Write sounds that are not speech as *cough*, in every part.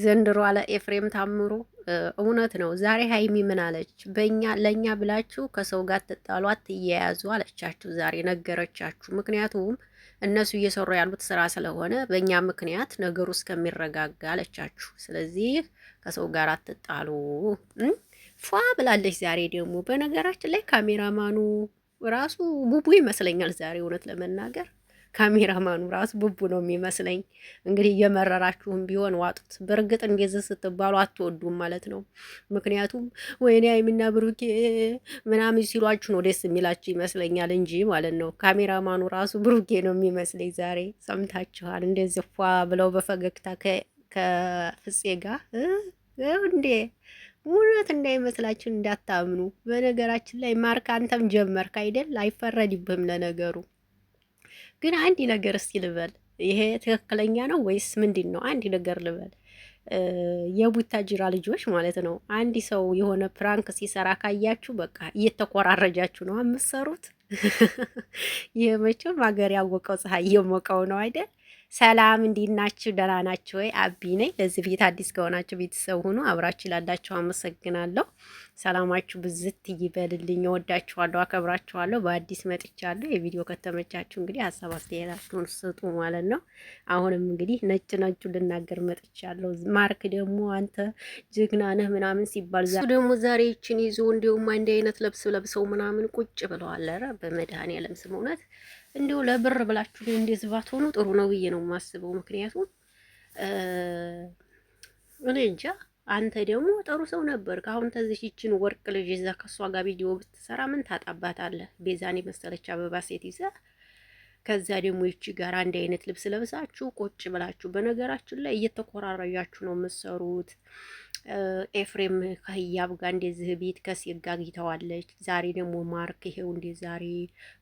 ዘንድሮ አለ ኤፍሬም ታምሩ እውነት ነው። ዛሬ ሀይሚ ምን አለች? በእኛ ለእኛ ብላችሁ ከሰው ጋር ትጣሉ አትያያዙ አለቻችሁ። ዛሬ ነገረቻችሁ። ምክንያቱም እነሱ እየሰሩ ያሉት ስራ ስለሆነ በእኛ ምክንያት ነገሩ እስከሚረጋጋ አለቻችሁ። ስለዚህ ከሰው ጋር አትጣሉ ፏ ብላለች። ዛሬ ደግሞ በነገራችን ላይ ካሜራማኑ ራሱ ቡቡ ይመስለኛል ዛሬ እውነት ለመናገር ካሜራማኑ ራሱ ቡቡ ነው የሚመስለኝ። እንግዲህ እየመረራችሁም ቢሆን ዋጡት። በእርግጥ እንደዚህ ስትባሉ አትወዱም ማለት ነው። ምክንያቱም ወይኔ ሀይሚና ብሩኬ ምናምን ሲሏችሁ ነው ደስ የሚላችሁ ይመስለኛል እንጂ ማለት ነው። ካሜራማኑ ራሱ ብሩኬ ነው የሚመስለኝ። ዛሬ ሰምታችኋል። እንደዚህ ፏ ብለው በፈገግታ ከፍፄ ጋር እንዴ እውነት እንዳይመስላችን እንዳታምኑ። በነገራችን ላይ ማርክ አንተም ጀመርክ አይደል? አይፈረድብህም ለነገሩ ግን አንድ ነገር እስቲ ልበል፣ ይሄ ትክክለኛ ነው ወይስ ምንድን ነው? አንድ ነገር ልበል የቡታጅራ ልጆች ማለት ነው። አንድ ሰው የሆነ ፕራንክ ሲሰራ ካያችሁ በቃ እየተኮራረጃችሁ ነው የምትሰሩት። *laughs* ይሄ መቼም ሀገር ያወቀው ፀሐይ እየሞቀው ነው አይደል? ሰላም እንዴት ናችሁ? ደህና ናችሁ ወይ? አቢ ነኝ። ለዚህ ቤት አዲስ ከሆናችሁ ቤተሰብ ሁኑ። አብራችሁ ላላችሁ አመሰግናለሁ። ሰላማችሁ ብዝት ይበልልኝ። ወዳችኋለሁ፣ አከብራችኋለሁ። በአዲስ መጥቻለሁ። የቪዲዮ ከተመቻችሁ እንግዲህ ሀሳብ አስተያየታችሁን ስጡ ማለት ነው። አሁንም እንግዲህ ነጭ ነጩ ልናገር መጥቻለሁ። ማርክ ደግሞ አንተ ጀግና ነህ ምናምን ሲባል እሱ ደግሞ ዛሬ ይችን ይዞ እንዲሁም አንድ አይነት ልብስ ለብሰው ምናምን ቁጭ ብለዋል። ኧረ በመድኃኒዓለም ስም እውነት እንዲሁ ለብር ብላችሁ ዝባት ሆኑ ጥሩ ነው ብዬ ነው የማስበው። ምክንያቱም እኔ እንጃ አንተ ደግሞ ጥሩ ሰው ነበር። ከአሁን ተዚህ ይችን ወርቅ ልጅ ይዛ ከሷ ጋር ቪዲዮ ብትሰራ ምን ታጣባታለህ? ቤዛን የመሰለች አበባ ሴት ይዛ ከዛ ደግሞ ይቺ ጋር አንድ አይነት ልብስ ለብሳችሁ ቁጭ ብላችሁ፣ በነገራችን ላይ እየተኮራረያችሁ ነው የምትሰሩት። ኤፍሬም ከህያብ ጋር እንደዚህ ቤት ከሴት ጋር አግኝተዋለች። ዛሬ ደግሞ ማርክ ይሄው እንደ ዛሬ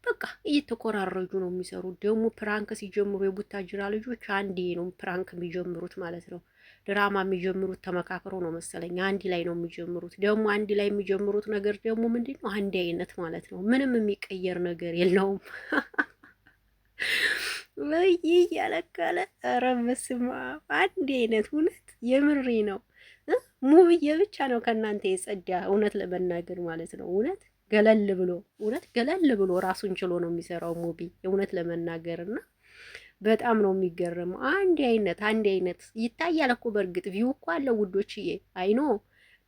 በቃ እየተኮራረጁ ነው የሚሰሩት። ደግሞ ፕራንክ ሲጀምሩ የቡታጅራ ልጆች አንዴ ነው ፕራንክ የሚጀምሩት ማለት ነው። ድራማ የሚጀምሩት ተመካክሮ ነው መሰለኝ። አንድ ላይ ነው የሚጀምሩት። ደግሞ አንድ ላይ የሚጀምሩት ነገር ደግሞ ምንድን ነው? አንድ አይነት ማለት ነው። ምንም የሚቀየር ነገር የለውም። *laughs* ወይ እያለቃለ ኧረ በስመ አብ አንድ አይነት እውነት የምሪ ነው። ሙብዬ ብቻ ነው ከእናንተ የጸዳ እውነት ለመናገር ማለት ነው። እውነት ገለል ብሎ እውነት ገለል ብሎ ራሱን ችሎ ነው የሚሰራው ሙቢ እውነት ለመናገር እና በጣም ነው የሚገርመው። አንድ አይነት አንድ አይነት ይታያል እኮ በእርግጥ ቪው እኮ አለ ውዶችዬ። አይኖ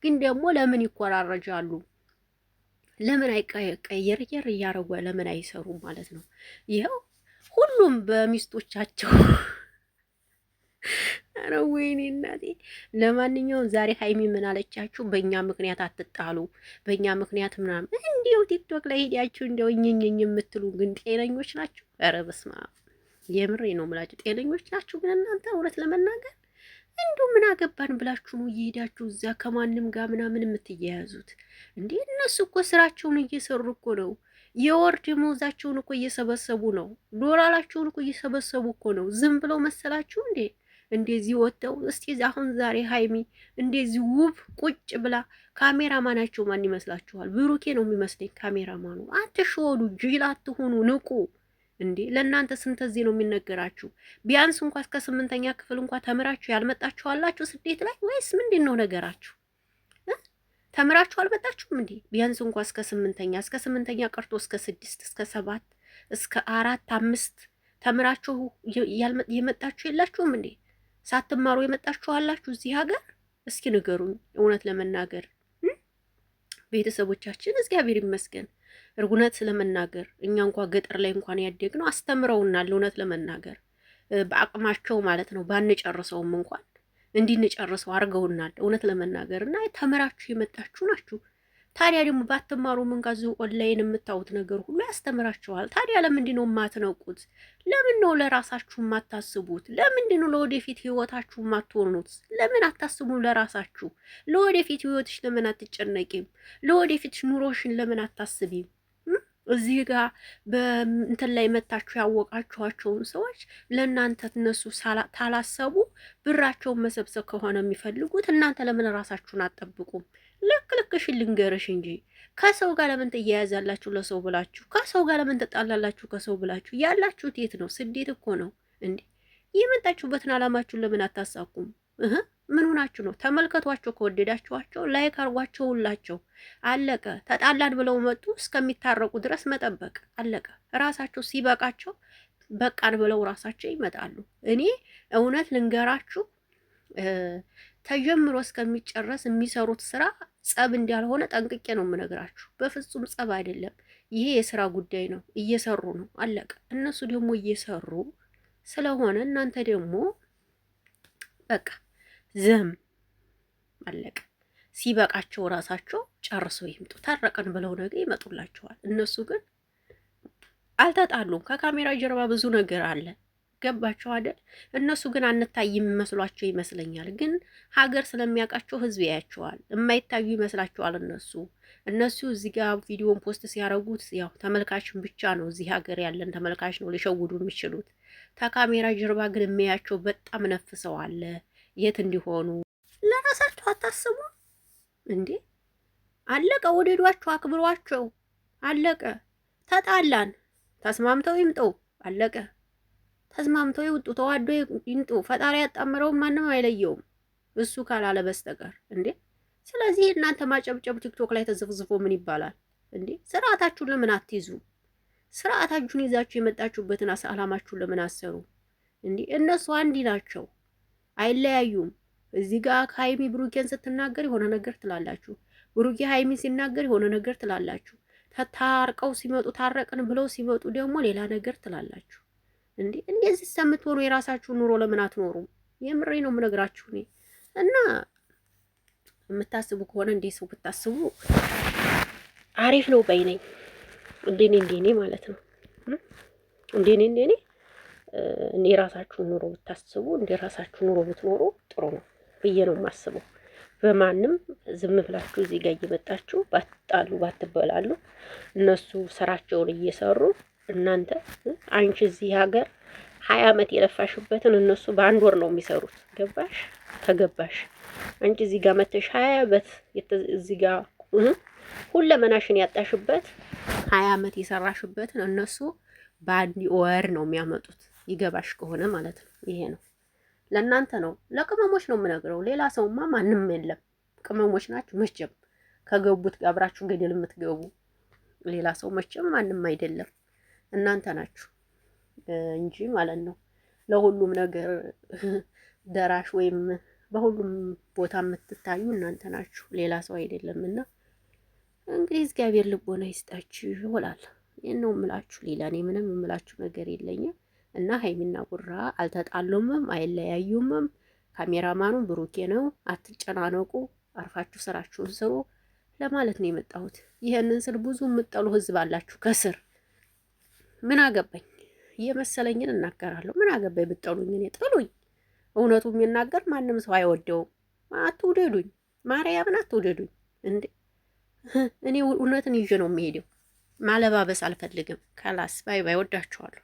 ግን ደግሞ ለምን ይኮራረጃሉ? ለምን አይቀየርየር እያደረጉ ለምን አይሰሩ ማለት ነው። ይኸው ሁሉም በሚስቶቻቸው *laughs* አረ ወይኔ እናቴ። ለማንኛውም ዛሬ ሀይሚ ምን አለቻችሁ? በእኛ ምክንያት አትጣሉ፣ በእኛ ምክንያት ምናምን እንዲው ቲክቶክ ላይ ሄዳችሁ እንደው እኝኝኝ የምትሉ ግን ጤነኞች ናችሁ? ኧረ በስመ አብ የምሬ ነው የምላችሁ። ጤነኞች ናችሁ ግን እናንተ እውነት ለመናገር እንዱ ምን አገባን ብላችሁ ነው እየሄዳችሁ እዚያ ከማንም ጋር ምናምን የምትያያዙት እንዴ? እነሱ እኮ ስራቸውን እየሰሩ እኮ ነው። የወር ደመወዛቸውን እኮ እየሰበሰቡ ነው። ዶላራቸውን እኮ እየሰበሰቡ እኮ ነው። ዝም ብለው መሰላችሁ እንዴ? እንደዚህ ወጥተው እስቲ አሁን ዛሬ ሀይሚ እንደዚህ ውብ ቁጭ ብላ ካሜራማናቸው ማን ይመስላችኋል? ብሩኬ ነው የሚመስለኝ ካሜራማኑ። አትሸወዱ፣ ጅል አትሆኑ፣ ንቁ። እንዴ ለእናንተ ስንት እዚህ ነው የሚነገራችሁ? ቢያንስ እንኳ እስከ ስምንተኛ ክፍል እንኳ ተምራችሁ ያልመጣችሁ አላችሁ ስደት ላይ ወይስ ምንድን ነው ነገራችሁ? ተምራችሁ አልመጣችሁም እንዴ? ቢያንስ እንኳ እስከ ስምንተኛ እስከ ስምንተኛ ቀርቶ እስከ ስድስት እስከ ሰባት እስከ አራት አምስት ተምራችሁ የመጣችሁ የላችሁም እንዴ? ሳትማሩ የመጣችሁ አላችሁ እዚህ ሀገር? እስኪ ንገሩኝ። እውነት ለመናገር ቤተሰቦቻችን እግዚአብሔር ይመስገን እውነት ለመናገር እኛ እንኳ ገጠር ላይ እንኳን ነው አስተምረውናል። እውነት ለመናገር በአቅማቸው ማለት ነው ባንጨርሰውም እንኳን እንዲንጨርሰው አድርገውናል። እውነት ለመናገር እና ተምራችሁ የመጣችሁ ናችሁ። ታዲያ ደግሞ ባትማሩ መንጋዙ ኦንላይን የምታዩት ነገር ሁሉ ያስተምራችኋል። ታዲያ ለምንድን ነው የማትነቁት? ለምን ነው ለራሳችሁ የማታስቡት? ለምንድን ነው ለወደፊት ህይወታችሁ የማትሆኑት? ለምን አታስቡም ለራሳችሁ? ለወደፊት ህይወትሽ ለምን አትጨነቂም? ለወደፊት ኑሮሽን ለምን አታስቢም? እዚህ ጋር በእንትን ላይ መታችሁ ያወቃችኋቸውን ሰዎች ለእናንተ እነሱ ታላሰቡ ብራቸውን መሰብሰብ ከሆነ የሚፈልጉት እናንተ ለምን ራሳችሁን አትጠብቁም? ልክ ልክሽን ልንገርሽ እንጂ ከሰው ጋር ለምን ትያያዛላችሁ? ለሰው ብላችሁ ከሰው ጋር ለምን ትጣላላችሁ? ከሰው ብላችሁ ያላችሁት የት ነው? ስዴት እኮ ነው እንዴ! የመጣችሁበትን አላማችሁን ለምን አታሳኩም? ሆናችሁ ነው? ተመልከቷቸው፣ ከወደዳችኋቸው ላይክ አርጓቸው፣ ሁላቸው አለቀ። ተጣላን ብለው መጡ፣ እስከሚታረቁ ድረስ መጠበቅ አለቀ። ራሳቸው ሲበቃቸው በቃን ብለው ራሳቸው ይመጣሉ። እኔ እውነት ልንገራችሁ ተጀምሮ እስከሚጨረስ የሚሰሩት ስራ ጸብ እንዳልሆነ ጠንቅቄ ነው የምነግራችሁ። በፍጹም ጸብ አይደለም። ይሄ የስራ ጉዳይ ነው። እየሰሩ ነው አለቀ። እነሱ ደግሞ እየሰሩ ስለሆነ እናንተ ደግሞ በቃ ዝም አለቀ። ሲበቃቸው ራሳቸው ጨርሰው ይምጡ። ታረቀን ብለው ነገ ይመጡላቸዋል። እነሱ ግን አልተጣሉም። ከካሜራ ጀርባ ብዙ ነገር አለ። ገባቸው አይደል? እነሱ ግን አንታይም መስሏቸው ይመስለኛል። ግን ሀገር ስለሚያውቃቸው ህዝብ ያያቸዋል። የማይታዩ ይመስላቸዋል እነሱ እነሱ እዚህ ጋር ቪዲዮን ፖስት ሲያደርጉት ያው ተመልካችን ብቻ ነው እዚህ ሀገር ያለን ተመልካች ነው ሊሸውዱ የሚችሉት። ከካሜራ ጀርባ ግን የሚያያቸው በጣም ነፍሰው አለ። የት እንዲሆኑ ለራሳቸው አታስቡ እንዴ? አለቀ። ወደዷቸው፣ አክብሯቸው። አለቀ። ተጣላን፣ ተስማምተው ይምጡ። አለቀ። ተስማምተው ይውጡ። ተዋዶ ይምጡ። ፈጣሪ ያጣምረውም ማንም አይለየውም እሱ ካላለ በስተቀር እንዴ። ስለዚህ እናንተ ማጨብጨብ ቲክቶክ ላይ ተዘፍዝፎ ምን ይባላል እንዴ? ስርዓታችሁን ለምን አትይዙ? ስርዓታችሁን ይዛችሁ የመጣችሁበትን አላማችሁን ለምን አሰሩ እንዴ? እነሱ አንዲ ናቸው። አይለያዩም። እዚህ ጋር ከሀይሚ ብሩኬን ስትናገር የሆነ ነገር ትላላችሁ፣ ብሩኬ ሀይሚ ሲናገር የሆነ ነገር ትላላችሁ። ታርቀው ሲመጡ ታረቅን ብለው ሲመጡ ደግሞ ሌላ ነገር ትላላችሁ። እንዴ እንደዚህ ሰምትሆኑ የራሳችሁ ኑሮ ለምን አትኖሩም? የምሬ ነው የምነግራችሁ እኔ እና የምታስቡ ከሆነ እንዴ ሰው ብታስቡ አሪፍ ነው ባይ ነኝ። እንዴኔ ማለት ነው እንዴኔ እንዴኔ የራሳችሁን ኑሮ ብታስቡ እንደ ራሳችሁ ኑሮ ብትኖሩ ጥሩ ነው ብዬ ነው የማስበው። በማንም ዝም ብላችሁ እዚህ ጋር እየመጣችሁ ባትጣሉ ባትበላሉ፣ እነሱ ስራቸውን እየሰሩ እናንተ አንቺ እዚህ ሀገር ሀያ ዓመት የለፋሽበትን እነሱ በአንድ ወር ነው የሚሰሩት። ገባሽ ከገባሽ አንቺ እዚህ ጋር መተሽ ሀያ ዓመት እዚህ ጋር ሁለመናሽን ያጣሽበት ሀያ ዓመት የሰራሽበትን እነሱ በአንድ ወር ነው የሚያመጡት። ይገባሽ ከሆነ ማለት ነው። ይሄ ነው ለእናንተ ነው፣ ለቅመሞች ነው የምነግረው። ሌላ ሰውማ ማንም የለም። ቅመሞች ናችሁ መቼም ከገቡት አብራችሁ ገደል የምትገቡ ሌላ ሰው መቼም ማንም አይደለም። እናንተ ናችሁ እንጂ ማለት ነው ለሁሉም ነገር *laughs* ደራሽ ወይም በሁሉም ቦታ የምትታዩ እናንተ ናችሁ፣ ሌላ ሰው አይደለም። እና እንግዲህ እግዚአብሔር ልቦና ይስጣችሁ ይላል። ይህን ነው የምላችሁ። ሌላ እኔ ምንም የምላችሁ ነገር የለኝም። እና ሀይሚና ጉራ አልተጣሉምም አይለያዩምም። ካሜራማኑ ብሩኬ ነው። አትጨናነቁ፣ አርፋችሁ ስራችሁን ስሩ ለማለት ነው የመጣሁት። ይህንን ስል ብዙ የምጠሉ ህዝብ አላችሁ ከስር። ምን አገባኝ የመሰለኝን እናገራለሁ። ምን አገባኝ ብጠሉኝ፣ እኔ ጥሉኝ። እውነቱ የሚናገር ማንም ሰው አይወደውም። አትውደዱኝ፣ ማርያምን አትውደዱኝ። እንዴ እኔ እውነትን ይዤ ነው የሚሄደው። ማለባበስ አልፈልግም። ከላስ ባይ ባይ። ወዳችኋለሁ።